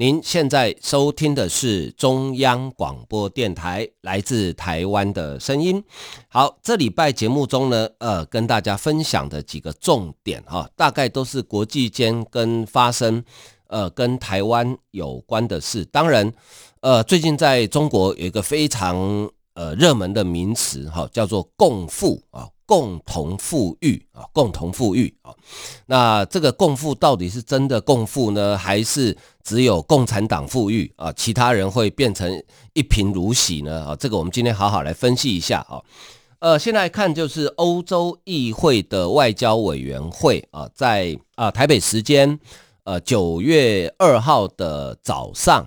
您現在收聽的是中央廣播電臺來自台灣的聲音。好，這禮拜節目中呢，呃，跟大家分享的幾個重點哈、哦，大概都是國際間跟發生，呃，跟台灣有關的事。當然，呃，最近在中國有一個非常。呃，熱門的名詞哈，叫做“共富”啊，共同富裕啊，共同富裕啊。那這個“共富”到底是真的共富呢，還是只有共產黨富裕啊？其他人會變成一貧如洗呢？啊，這個我們今天好好來分析一下啊。呃，現在看就是歐洲議會的外交委員會啊，在啊台北時間呃九月二號的早上。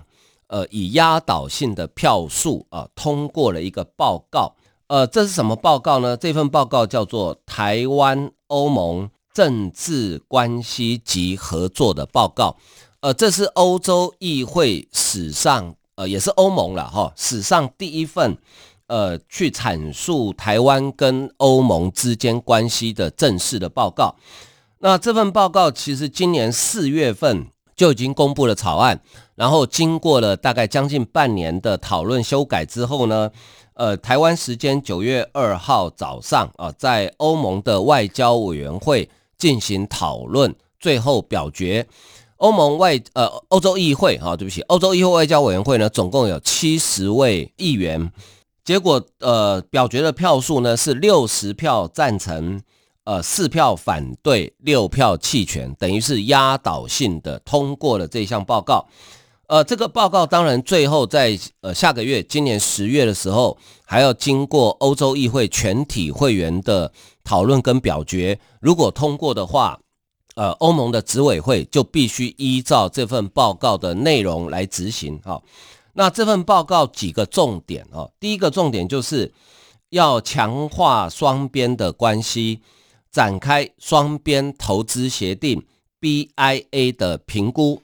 呃，以壓倒性的票數啊，呃，通過了一個報告。呃，這是什麼報告呢？這份報告叫做《台灣歐盟政治關係及合作的報告》。呃，這是歐洲議會史上，呃，也是歐盟了哈，史上第一份呃，去闡述台灣跟歐盟之間關係的正式的報告。那這份報告其實今年四月份，就已經公布了草案，然後經過了大概將近半年的討論修改之後呢，呃，台灣時間九月二號早上啊，呃，在歐盟的外交委員會進行討論，最後表決，歐盟外呃歐洲議會啊，哦，對不起，歐洲議會外交委員會呢，總共有七十位議員，結果呃表決的票數呢是六十票贊成。呃，四票反對，六票棄權，等於是壓倒性的通過了這項報告。呃，這個報告當然最後在呃下個月，今年十月的時候，還要經過歐洲議會全體會員的討論跟表決。如果通過的話，呃，歐盟的執委會就必須依照這份報告的內容來執行。哈、哦，那這份報告幾個重點哦，第一個重點就是要強化雙邊的關係。展開雙邊投資協定 （BIA） 的評估。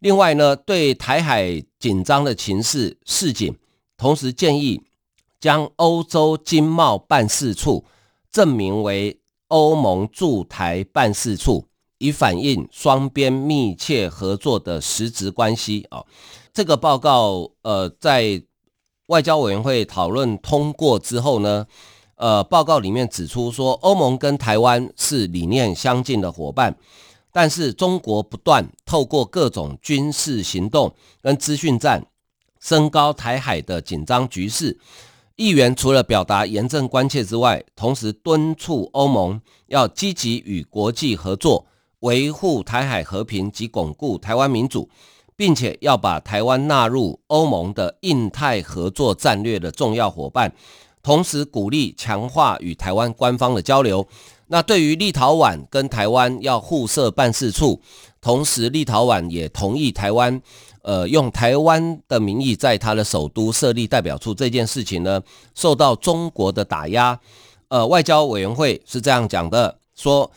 另外呢，對台海緊張的情勢示警，同時建議將歐洲經貿辦事處更名為歐盟駐台辦事處，以反映雙邊密切合作的實質關係。這個報告呃，在外交委員會討論通過之後呢？呃，報告裡面指出說，歐盟跟台灣是理念相近的夥伴，但是中國不斷透過各種軍事行動跟資訊戰，升高台海的緊張局勢。議員除了表達嚴正關切之外，同時敦促歐盟要積極與國際合作，維護台海和平及鞏固台灣民主，並且要把台灣納入歐盟的印太合作戰略的重要夥伴。同時鼓勵強化與台灣官方的交流。那對於立陶宛跟台灣要互設辦事處，同時立陶宛也同意台灣，呃，用台灣的名義在他的首都設立代表處，這件事情呢，受到中國的打壓。呃，外交委員會是這樣講的，說，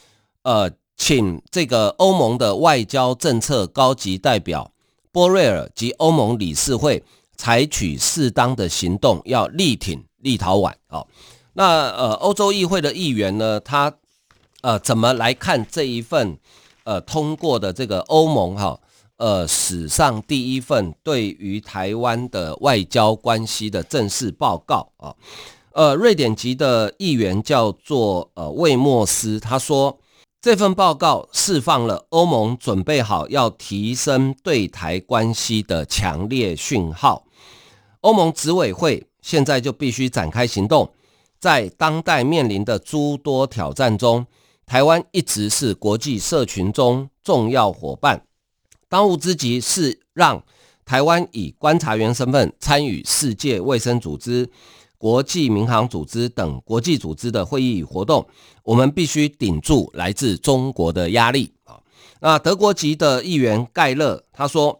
呃，請這個歐盟的外交政策高級代表博雷利及歐盟理事會採取適當的行動，要力挺。立陶宛哦，那呃，歐洲議會的議員呢，他呃，怎麼來看這一份呃通過的這個歐盟哈呃史上第一份對於台灣的外交關係的正式報告啊？呃，瑞典籍的議員叫做呃魏莫斯，他說，這份報告釋放了歐盟準備好要提升對台關係的強烈訊號，歐盟執委會。現在就必須展開行動。在當代面臨的諸多挑戰中，台灣一直是國際社群中重要伙伴。當務之急是讓台灣以觀察員身份參與世界衛生組織、國際民航組織等國際組織的會議活動。我們必須頂住來自中國的壓力。那德國籍的議員蓋勒他說。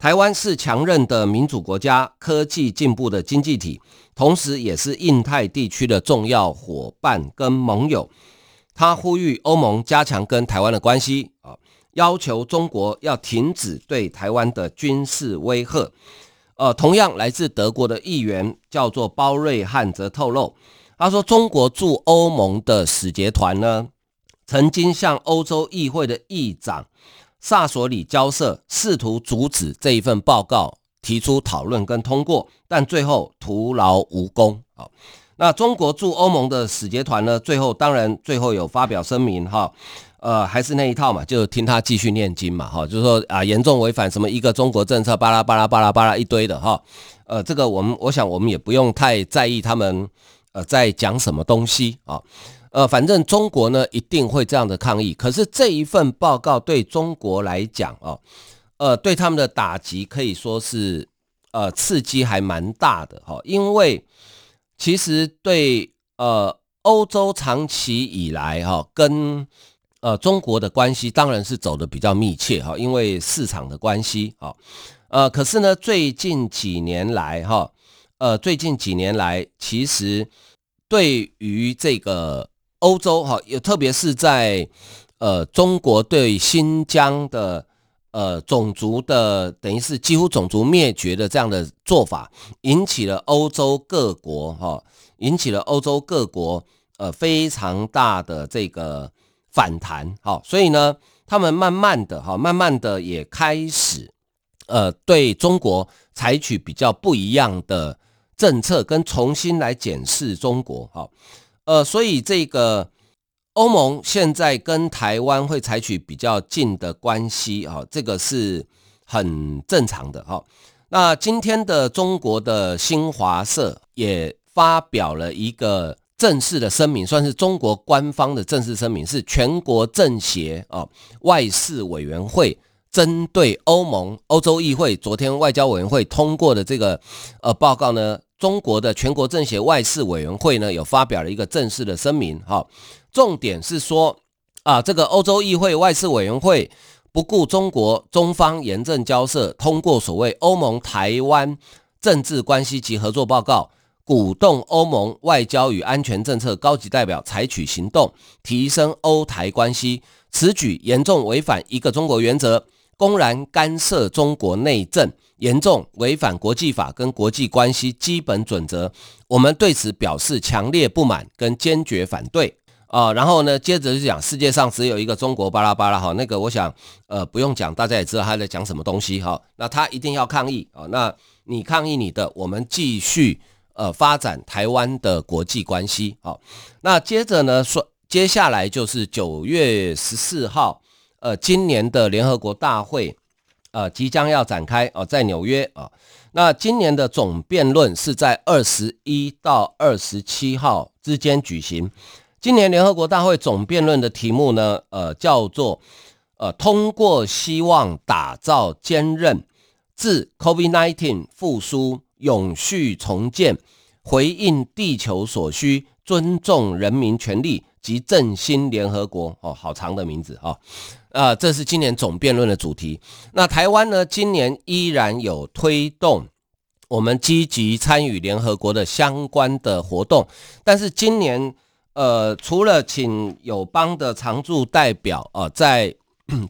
台灣是強韌的民主國家，科技進步的經濟體，同時也是印太地區的重要夥伴跟盟友。他呼籲歐盟加強跟台灣的關係，啊，要求中國要停止對台灣的軍事威嚇。呃，啊，同樣來自德國的議員叫做包瑞漢則透露，他說中國駐歐盟的使節團呢，曾經向歐洲議會的議長。好，薩索里交涉，試圖阻止這一份報告提出討論跟通過，但最後徒勞無功。那中國駐歐盟的使節團呢，最後當然最後有發表聲明哈、哦，呃，還是那一套嘛，就聽他繼續念經嘛哈、哦，就是說啊、呃，嚴重違反什麼一個中國政策巴拉巴拉巴拉巴拉一堆的哈、哦，呃，這個我們我想我們也不用太在意他們呃在講什麼東西啊。哦呃，反正中國呢一定會這樣的抗議。可是這一份報告對中國來講啊、哦，呃，對他們的打擊可以說是呃刺激還蠻大的哈、哦。因為其實對呃歐洲長期以來哈、哦、跟呃中國的關係當然是走得比較密切哈、哦，因為市場的關係啊、哦。呃，可是呢，最近幾年來哈、哦，呃，最近幾年來其實對於這個。歐洲哈，也特別是在，呃，中國對新疆的呃種族的等於是幾乎種族滅絕的這樣的做法，引起了歐洲各國哈，引起了歐洲各國呃非常大的這個反彈，哈，所以呢，他們慢慢的哈，慢慢的也開始呃對中國採取比較不一樣的政策，跟重新來檢視中國，哈。呃，所以這個歐盟現在跟台灣會採取比較近的關係啊、哦，這個是很正常的哈、哦。那今天的中國的新華社也發表了一個正式的聲明，算是中國官方的正式聲明，是全國政協啊、哦、外事委員會。針對歐盟歐洲議會昨天外交委員會通過的這個呃報告呢，中國的全國政協外事委員會呢有發表了一個正式的聲明哈，重點是說啊，這個歐洲議會外事委員會不顧中國中方嚴正交涉，通過所謂歐盟台灣政治關係及合作報告，鼓動歐盟外交與安全政策高級代表採取行動提升歐台關係，此舉嚴重違反一個中國原則。公然干涉中國內政，嚴重違反國際法跟國際關係基本準則，我們對此表示強烈不滿跟堅決反對啊、呃！然後呢，接着就講世界上只有一個中國巴拉巴拉哈，那個我想呃不用講，大家也知道他在講什麼東西哈。那他一定要抗議啊、哦，那你抗議你的，我們繼續呃發展台灣的國際關係好。那接着呢說，接下來就是九月十四號。呃，今年的聯合國大會，呃，即將要展開哦、呃，在紐約啊、呃。那今年的總辯論是在二十一到二十七號之間舉行。今年聯合國大會總辯論的題目呢，呃，叫做呃，通過希望打造堅韌，自 COVID-19 復甦、永續重建、回應地球所需、尊重人民權利及振興聯合國。哦、呃，好長的名字、呃。呃，這是今年總辯論的主題。那台灣呢？今年依然有推動我們積極參與聯合國的相關的活動。但是今年，呃，除了請友邦的常駐代表啊，呃，在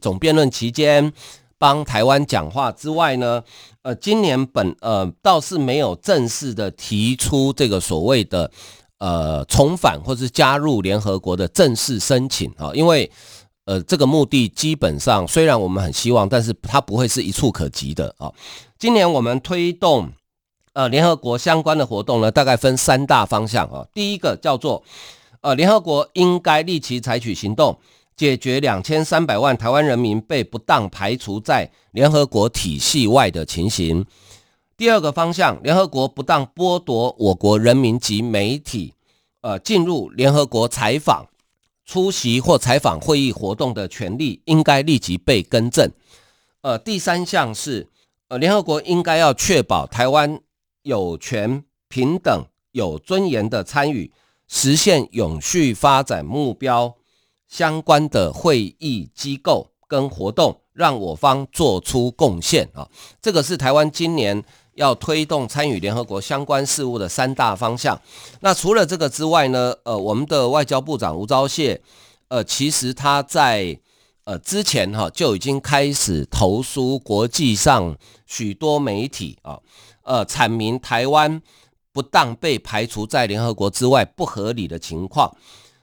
總辯論期間幫台灣講話之外呢，呃，今年本呃倒是沒有正式的提出這個所謂的呃重返或是加入聯合國的正式申請啊，呃，因為。呃，這個目的基本上雖然我們很希望，但是它不會是一蹴可及的啊、哦。今年我們推動呃聯合國相關的活動呢，大概分三大方向啊、哦。第一個叫做呃聯合國應該立即採取行動，解決兩千三百萬台灣人民被不當排除在聯合國體系外的情形。第二個方向，聯合國不當剝奪我國人民及媒體呃進入聯合國採訪。出席或採訪會議活動的權利，應該立即被更正。呃，第三項是，呃，聯合國應該要確保台灣有權平等、有尊嚴的參與，實現永續發展目標相關的會議機構跟活動，讓我方做出貢獻啊。這個是台灣今年要推動參與聯合國相關事務的三大方向。那除了這個之外呢？呃，我們的外交部長吳釗燮，呃，其實他在呃之前哈、啊、就已經開始投書國際上許多媒體啊，呃，闡明台灣不當被排除在聯合國之外不合理的情況。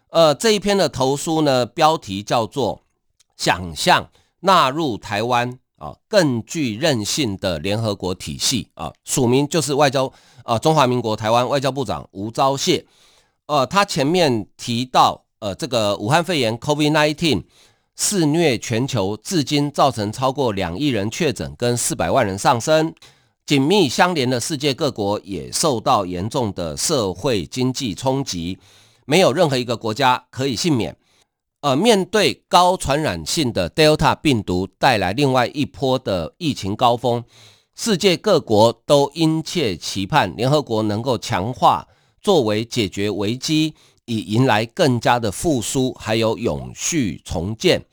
呃，這一篇的投書呢，標題叫做“想象納入台灣”。啊，更具韌性的聯合國體系啊，署名就是外交啊，中華民國台灣外交部長吳釗燮。呃，他前面提到，呃，這個武漢肺炎 COVID-19 肆虐全球，至今造成超過兩億人確診跟四百萬人喪生，緊密相連的世界各國也受到嚴重的社會經濟衝擊，沒有任何一個國家可以幸免。呃，面對高傳染性的 Delta 病毒帶來另外一波的疫情高峰，世界各國都殷切期盼聯合國能夠強化作為解決危機，以迎來更加的復甦，還有永續重建。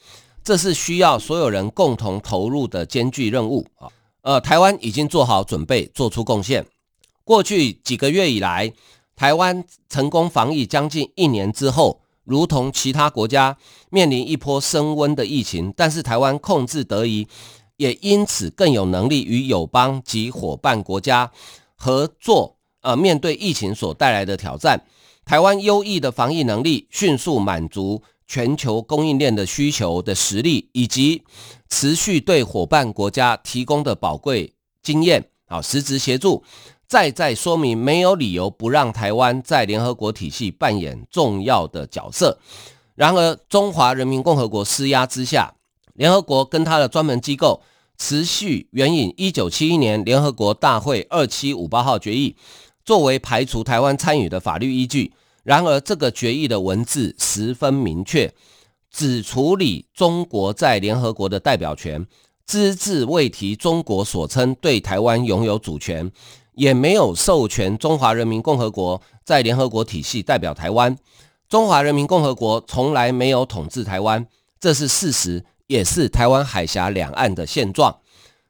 這是需要所有人共同投入的艱鉅任務啊！呃，台灣已經做好準備，做出貢獻。過去幾個月以來，台灣成功防疫將近一年之後。如同其他國家面臨一波升溫的疫情，但是台灣控制得宜，也因此更有能力與友邦及夥伴國家合作。呃，面對疫情所帶來的挑戰，台灣優異的防疫能力、迅速滿足全球供應鏈的需求的實力，以及持續對夥伴國家提供的寶貴經驗，啊，實質協助。再再說明，沒有理由不讓台灣在聯合國體系扮演重要的角色。然而，中華人民共和國施壓之下，聯合國跟他的專門機構持續援引1971年聯合國大會2758號決議，作為排除台灣參與的法律依據。然而，這個決議的文字十分明確，只處理中國在聯合國的代表權，只字未提中國所稱對台灣擁有主權。也沒有授權中華人民共和國在聯合國體系代表台灣。中華人民共和國從來沒有統治台灣，這是事實，也是台灣海峽兩岸的現狀。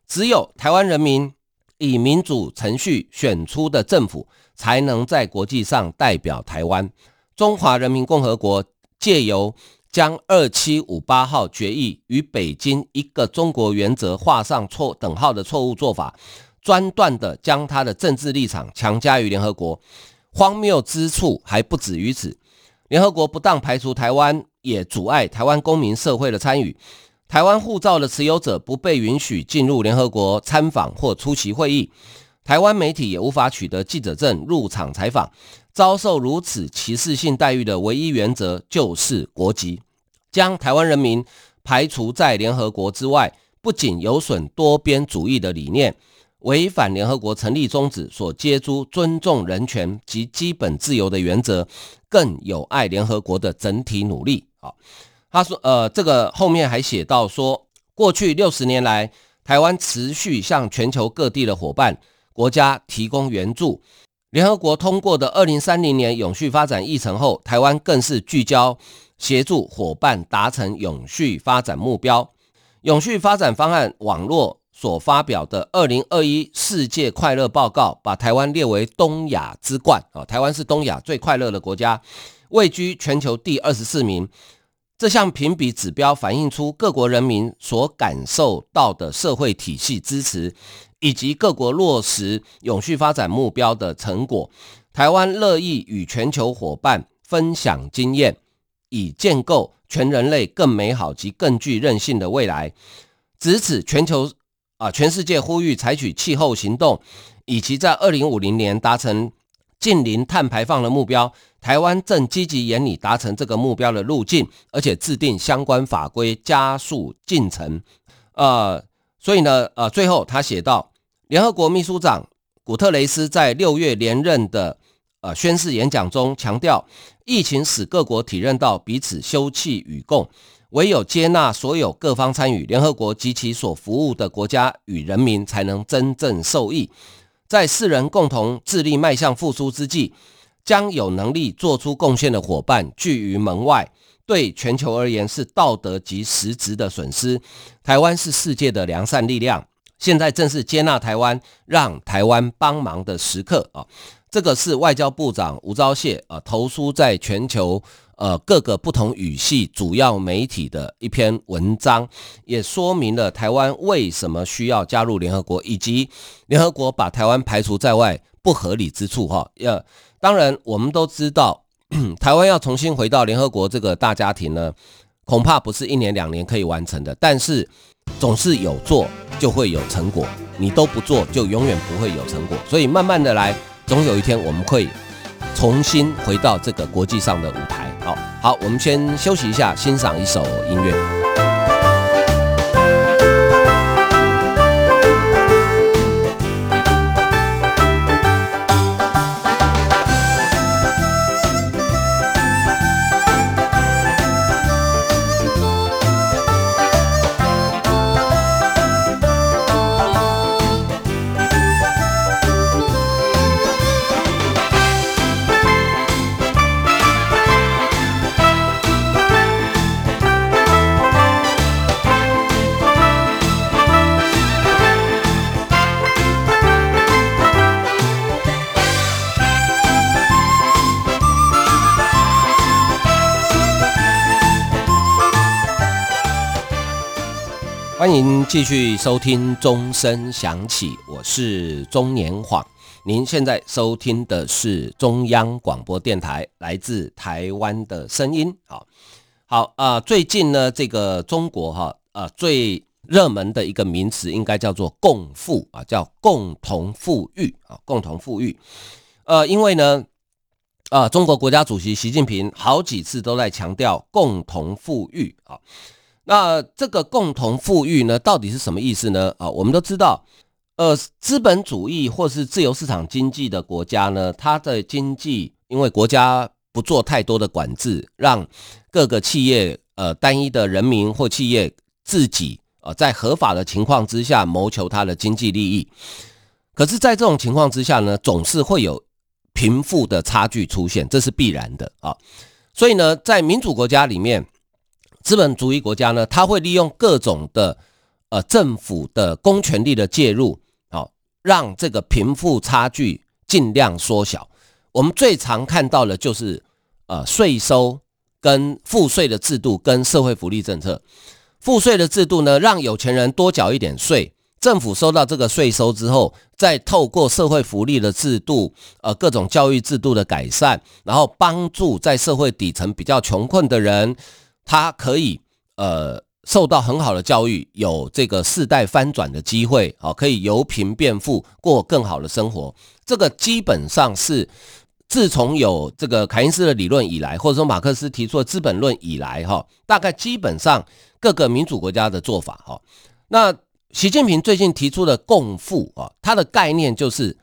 只有台灣人民以民主程序選出的政府，才能在國際上代表台灣。中華人民共和國借由將二七五八號決議與北京一個中國原則畫上錯等號的錯誤做法，專斷地將他的政治立場強加於聯合國，荒謬之處還不止於此。聯合國不當排除台灣，也阻礙台灣公民社會的參與。台灣護照的持有者不被允許進入聯合國參訪或出席會議，台灣媒體也無法取得記者證入場採訪。遭受如此歧視性待遇的唯一原則就是國籍，將台灣人民排除在聯合國之外，不僅有損多邊主義的理念，違反聯合國成立宗旨所接觸尊重人權及基本自由的原則，更有礙聯合國的整體努力。好，他說，呃，這個後面還寫到說，過去六十年來，台灣持續向全球各地的夥伴國家提供援助。聯合國通過的二零三零年永續發展議程後，台灣更是聚焦協助夥伴達成永續發展目標、永續發展方案網絡所發表的《二零二一世界快樂報告》把台灣列為東亞之冠啊！台灣是東亞最快樂的國家，位居全球第二十四名。這項評比指標反映出各國人民所感受到的社會體系支持，以及各國落實永續發展目標的成果。台灣樂意與全球伙伴分享經驗，以建構全人類更美好及更具韌性的未來。值此全球。啊！全世界呼籲採取氣候行動，以及在二零五零年達成淨零碳排放的目標。台灣正積極研擬達成這個目標的路徑，而且制定相關法規加速進程。呃，所以呢，呃，最後他寫道，聯合國秘書長古特雷斯在六月連任的呃宣誓演講中強調，疫情使各國體認到彼此休戚與共，唯有接納所有各方參與，聯合國及其所服務的國家與人民才能真正受益。在世人共同致力邁向復甦之際，將有能力做出貢獻的夥伴拒於門外，對全球而言是道德及實質的損失。台灣是世界的良善力量，現在正是接納台灣、讓台灣幫忙的時刻啊！這個是外交部長吳釗燮啊，投書在全球。呃，各個不同語系主要媒體的一篇文章，也說明了台灣為什麼需要加入聯合國，以及聯合國把台灣排除在外不合理之處。哈、哦，要當然，我們都知道，台灣要重新回到聯合國這個大家庭呢，恐怕不是一年兩年可以完成的。但是，總是有做就會有成果，你都不做就永遠不會有成果。所以，慢慢的來，總有一天我們會。重新回到這個國際上的舞台。好，好，我們先休息一下，欣賞一首音樂。繼續收聽鐘聲響起，我是鍾延晃。您現在收聽的是中央廣播電台來自台灣的聲音。好好啊、呃，最近呢，這個中國哈啊、呃、最熱門的一個名詞應該叫做“共富”啊，叫“共同富裕”啊，共同富裕。呃，因為呢啊、呃，中國國家主席習近平好幾次都在強調共同富裕啊。那這個共同富裕呢，到底是什麼意思呢？啊，我們都知道，呃，資本主義或是自由市場經濟的國家呢，它的經濟因為國家不做太多的管制，讓各個企業呃單一的人民或企業自己啊，在合法的情況之下謀求它的經濟利益。可是，在這種情況之下呢，總是會有貧富的差距出現，這是必然的啊。所以呢，在民主國家裡面。資本主義國家呢，它會利用各種的呃政府的公權力的介入，好、哦、讓這個貧富差距盡量縮小。我們最常看到的就是呃稅收跟賦稅的制度跟社會福利政策。賦稅的制度呢，讓有錢人多繳一點稅，政府收到這個稅收之後，再透過社會福利的制度，呃各種教育制度的改善，然後幫助在社會底層比較窮困的人。他可以，呃，受到很好的教育，有這個世代翻轉的機會，啊、哦，可以由貧變富，過更好的生活。這個基本上是自從有這個凱恩斯的理論以來，或者說馬克思提出的《資本論》以來，哈、哦，大概基本上各個民主國家的做法，哈、哦。那習近平最近提出的“共富”啊，他的概念就是，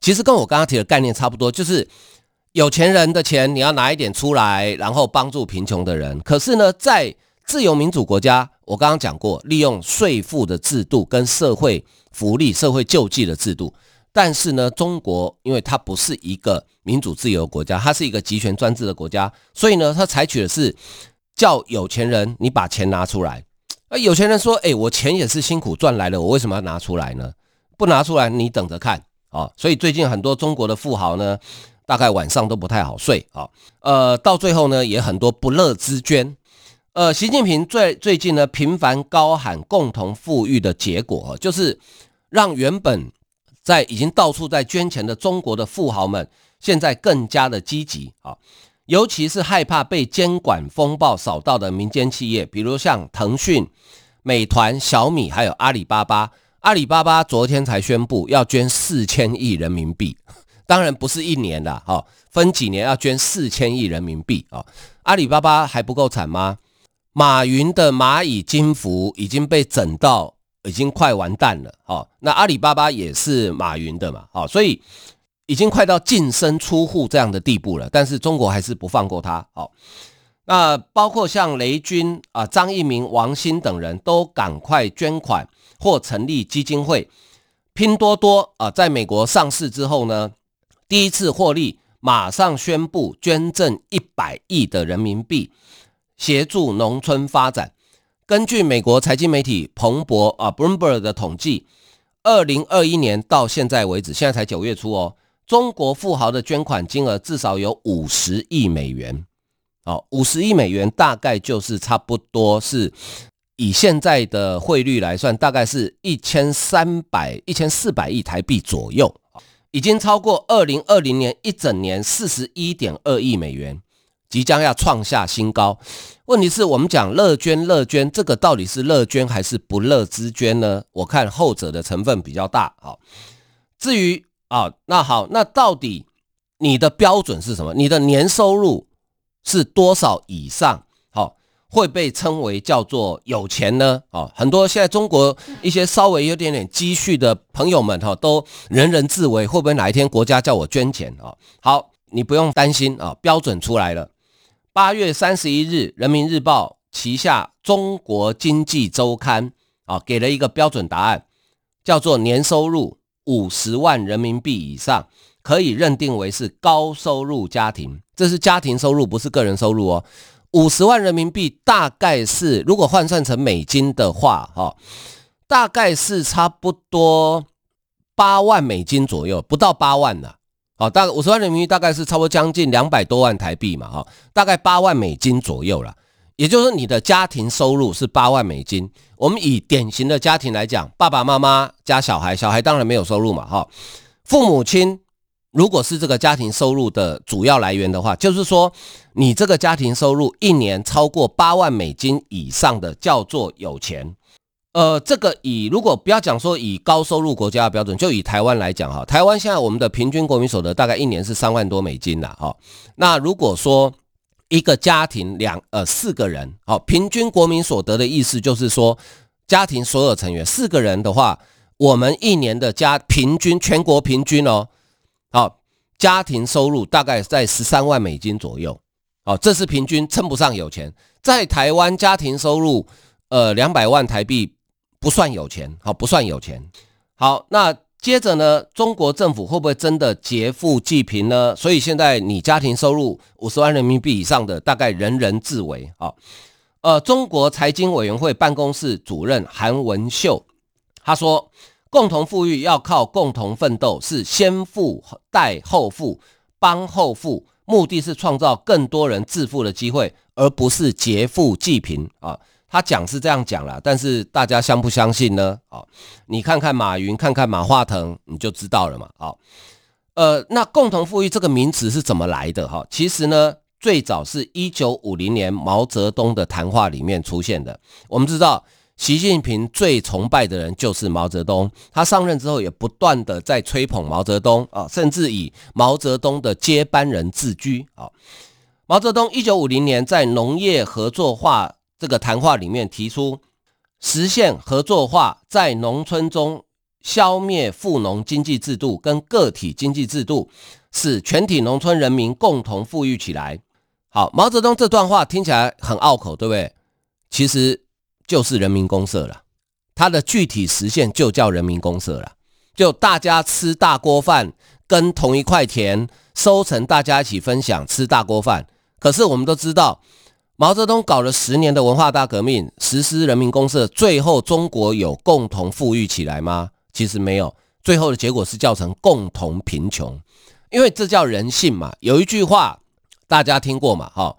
其實跟我剛剛提的概念差不多，就是。有錢人的錢你要拿一點出來，然後幫助貧窮的人。可是呢，在自由民主國家，我剛剛講過，利用稅負的制度跟社會福利、社會救濟的制度。但是呢，中國因為它不是一個民主自由國家，它是一個集權專制的國家，所以呢，它採取的是叫有錢人你把錢拿出來。而有錢人說：“誒、哎，我錢也是辛苦賺來的，我為什麼要拿出來呢？不拿出來，你等着看啊、哦！”所以最近很多中國的富豪呢。大概晚上都不太好睡啊，哦，呃，到最後呢，也很多不樂之捐。呃，習近平最最近呢，頻繁高喊共同富裕的結果，哦，就是讓原本在已經到處在捐錢的中國的富豪們，現在更加的積極啊，哦，尤其是害怕被監管風暴掃到的民間企業，比如像騰訊、美團、小米，還有阿里巴巴。阿里巴巴昨天才宣布要捐四千億人民幣。當然不是一年啦，哈，分幾年要捐四千億人民幣啊！阿里巴巴還不夠慘嗎？馬雲的螞蟻金服已經被整到已經快完蛋了哦，那阿里巴巴也是馬雲的嘛，哦，所以已經快到淨身出戶這樣的地步了。但是中國還是不放過他，哦，那包括像雷軍啊、張一鳴、王興等人都趕快捐款或成立基金會。拼多多啊，在美國上市之後呢，第一次獲利，馬上宣布捐贈一百億的人民幣協助農村發展。根據美國財經媒體彭博啊 （Bloomberg） 的統計，二零二一年到現在為止，現在才九月初哦，中國富豪的捐款金額至少有五十億美元。哦，五十億美元大概就是差不多是，是以現在的匯率來算，大概是一千三百、一千四百億台幣左右。已經超過二零二零年一整年四十一點二億美元，即將要創下新高。問題是我們講樂捐樂捐，這個到底是樂捐還是不樂之捐呢？我看後者的成分比較大。好，至於啊，那好，那到底你的標準是什麼？你的年收入是多少以上？會被稱為叫做有錢呢？啊、哦，很多現在中國一些稍微有點點積蓄的朋友們哈、哦，都人人自危，會不會哪一天國家叫我捐錢啊、哦？好，你不用擔心啊、哦，標準出來了。八月三十一日，《人民日報》旗下《中國經濟周刊》啊、哦，給了一個標準答案，叫做年收入五十萬人民幣以上，可以認定為是高收入家庭。這是家庭收入，不是個人收入哦。五十萬人民幣大概是，如果換算成美金的話，哈，大概是差不多八萬美金左右，不到八萬呢。好，大概五十萬人民幣大概是差不多將近兩百多萬台幣嘛，哈，大概八萬美金左右了。也就是說，你的家庭收入是八萬美金。我們以典型的家庭來講，爸爸媽媽加小孩，小孩當然沒有收入嘛，哈，父母親。如果是這個家庭收入的主要來源的話，就是說，你這個家庭收入一年超過八萬美金以上的叫做有錢。呃，這個以如果不要講說以高收入國家的標準，就以台灣來講哈，台灣現在我們的平均國民所得大概一年是三萬多美金的哈、哦。那如果說一個家庭兩呃四個人，好、哦，平均國民所得的意思就是說，家庭所有成員四個人的話，我們一年的家平均全國平均哦。好，家庭收入大概在十三萬美金左右，好，這是平均，稱不上有錢。在台灣，家庭收入，呃，兩百萬台幣不算有錢，好，不算有錢。好，那接着呢，中國政府會不會真的劫富濟貧呢？所以現在你家庭收入五十萬人民幣以上的，大概人人自危。好，呃，中國財經委員會辦公室主任韓文秀他說。共同富裕要靠共同奮鬥，是先富帶後富、幫後富，目的是創造更多人致富的機會，而不是劫富濟貧啊！他講是這樣講了，但是大家相不相信呢？啊，你看看馬雲，看看馬化騰，你就知道了嘛！啊，呃，那共同富裕這個名詞是怎麼來的？哈、啊，其實呢，最早是一九五零年毛澤東的談話裡面出現的。我們知道。習近平最崇拜的人就是毛澤東，他上任之後也不斷的在吹捧毛澤東啊，甚至以毛澤東的接班人自居啊。毛澤東一九五零年在農業合作化這個談話裡面提出，實現合作化，在農村中消滅富農經濟制度跟個體經濟制度，使全體農村人民共同富裕起來。好，毛澤東這段話聽起來很拗口，對不對？其實。就是人民公社了，它的具體實現就叫人民公社了，就大家吃大鍋飯，跟同一塊田收成大家一起分享吃大鍋飯。可是我們都知道，毛澤東搞了十年的文化大革命，實施人民公社，最後中國有共同富裕起來嗎？其實沒有，最後的結果是造成共同貧窮，因為這叫人性嘛。有一句話大家聽過嘛？哈。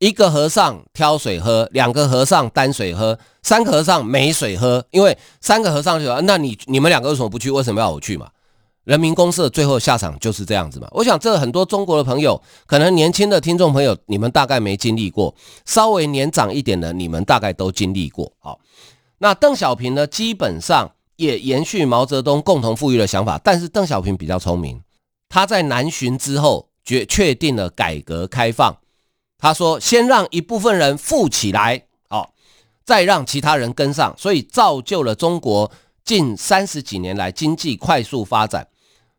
一個和尚挑水喝，兩個和尚擔水喝，三個和尚沒水喝。因為三個和尚就說，那你你們兩個為什麼不去？為什麼要我去嘛？人民公社最後下場就是這樣子嘛。我想這很多中國的朋友，可能年輕的聽眾朋友你們大概沒經歷過，稍微年長一點的你們大概都經歷過。好，那鄧小平呢，基本上也延續毛澤東共同富裕的想法，但是鄧小平比較聰明，他在南巡之後決確定了改革開放。他說：“先讓一部分人富起來，哦，再讓其他人跟上，所以造就了中國近三十幾年來經濟快速發展。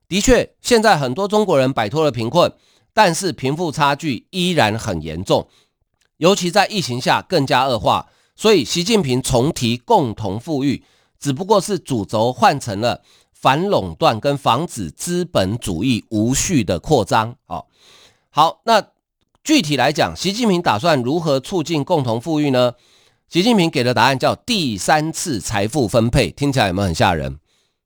的確，現在很多中國人擺脫了貧困，但是貧富差距依然很嚴重，尤其在疫情下更加惡化。所以，習近平重提共同富裕，只不過是主軸換成了反壟斷跟防止資本主義無序的擴張。哦，好，那。”具體來講，習近平打算如何促進共同富裕呢？習近平給的答案叫“第三次財富分配”，聽起來有沒有很嚇人？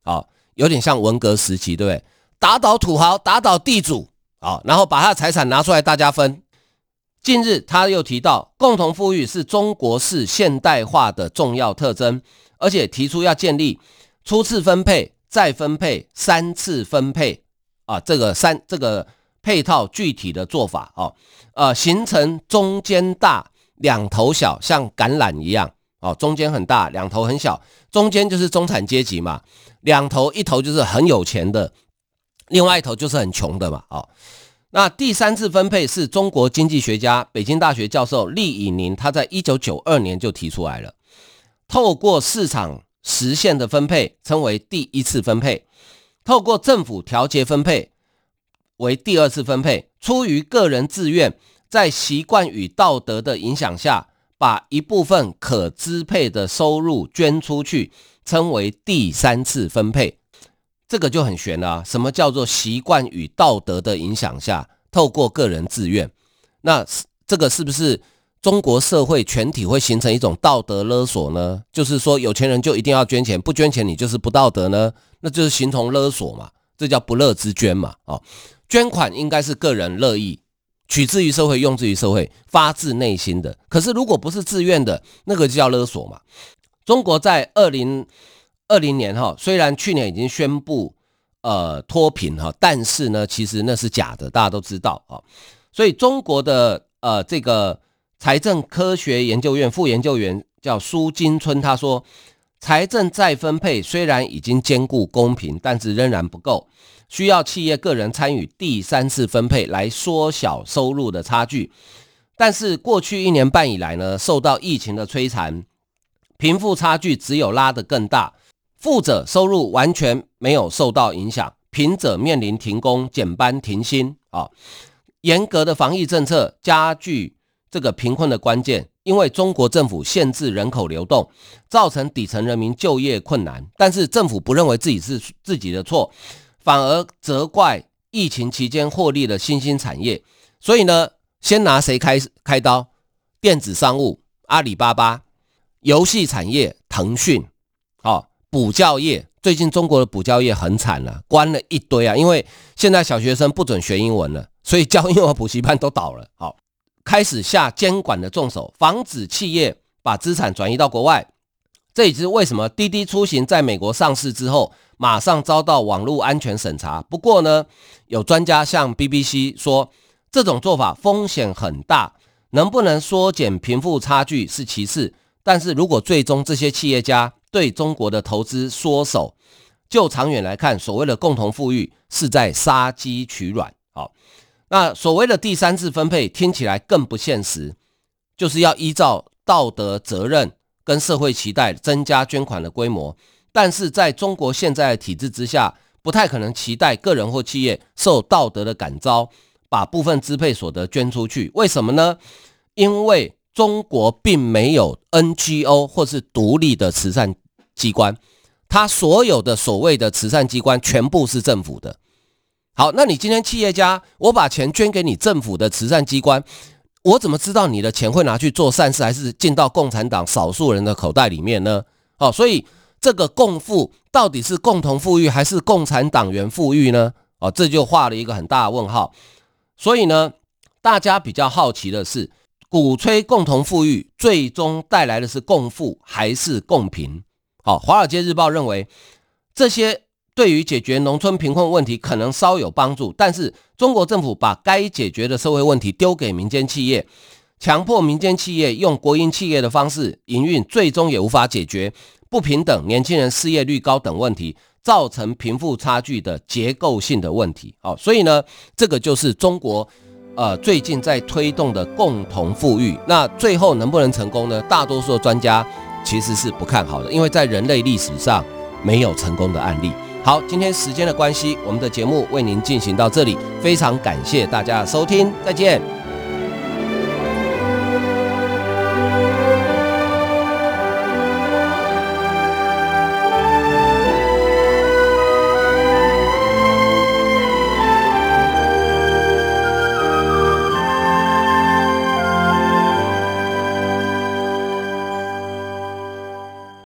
好、哦，有點像文革時期，對不對？打倒土豪，打倒地主，好、哦，然後把他的財產拿出來大家分。近日他又提到，共同富裕是中國式現代化的重要特徵，而且提出要建立初次分配、再分配、三次分配啊，這個三，這個。配套具體的做法啊、哦，呃，形成中間大兩頭小，像橄欖一樣哦，中間很大，兩頭很小，中間就是中產階級嘛，兩頭一頭就是很有錢的，另外一頭就是很窮的嘛哦，那第三次分配是中國經濟學家、北京大學教授厲以寧，他在一九九二年就提出來了，透過市場實現的分配稱為第一次分配，透過政府調節分配。為第二次分配，出於個人自願，在習慣與道德的影響下，把一部分可支配的收入捐出去，稱為第三次分配。這個就很懸了，啊。什麼叫做習慣與道德的影響下，透過個人自願？那這個是不是中國社會全體會形成一種道德勒索呢？就是說，有錢人就一定要捐錢，不捐錢你就是不道德呢？那就是形同勒索嘛，這叫不樂之捐嘛，哦。捐款應該是個人樂意，取之於社會，用之於社會，發自內心的。可是，如果不是自願的，那個就叫勒索嘛。中國在二零二零年哈，雖然去年已經宣布呃脫貧哈，但是呢，其實那是假的，大家都知道啊。所以，中國的呃這個財政科學研究院副研究員叫蘇金春，他說，財政再分配雖然已經兼顧公平，但是仍然不夠。需要企業、個人參與第三次分配來縮小收入的差距，但是過去一年半以來呢，受到疫情的摧殘，貧富差距只有拉得更大，富者收入完全沒有受到影響，貧者面臨停工、減班、停薪啊。嚴格的防疫政策加劇這個貧困的關鍵，因為中國政府限制人口流動，造成底層人民就業困難，但是政府不認為自己是自己的錯。反而責怪疫情期間獲利的新興產業，所以呢，先拿誰開開刀？電子商務，阿里巴巴；遊戲產業，騰訊；哦，補教業，最近中國的補教業很慘了，啊，關了一堆啊，因為現在小學生不准學英文了，所以教英文補習班都倒了。好，哦，開始下監管的重手，防止企業把資產轉移到國外。這也是為什麼滴滴出行在美國上市之後，馬上遭到網絡安全審查。不過呢，有專家向 BBC 說，這種做法風險很大。能不能縮減貧富差距是其次，但是如果最終這些企業家對中國的投資縮手，就長遠來看，所謂的共同富裕是在殺雞取卵。好，那所謂的第三次分配聽起來更不現實，就是要依照道德責任跟社會期待增加捐款的規模。但是在中國現在的體制之下，不太可能期待個人或企業受道德的感召，把部分支配所得捐出去。為什麼呢？因為中國並沒有 NGO 或是獨立的慈善機關，它所有的所謂的慈善機關全部是政府的。好，那你今天企業家，我把錢捐給你政府的慈善機關，我怎麼知道你的錢會拿去做善事，還是進到共產黨少數人的口袋裡面呢？哦，所以。這個共富到底是共同富裕還是共產黨員富裕呢？哦，這就畫了一個很大的問號。所以呢，大家比較好奇的是，鼓吹共同富裕最終帶來的是共富還是共貧？好，哦，華爾街日報認為，這些對於解決農村貧困問題可能稍有幫助，但是中國政府把該解決的社會問題丟給民間企業，強迫民間企業用國營企業的方式營運，最終也無法解決。不平等、年輕人失業率高等問題，造成貧富差距的結構性的問題。好、哦，所以呢，這個就是中國，呃，最近在推動的共同富裕。那最後能不能成功呢？大多數的專家其實是不看好的，因為在人類歷史上沒有成功的案例。好，今天時間的關係，我們的節目為您進行到這裡，非常感謝大家的收聽，再見。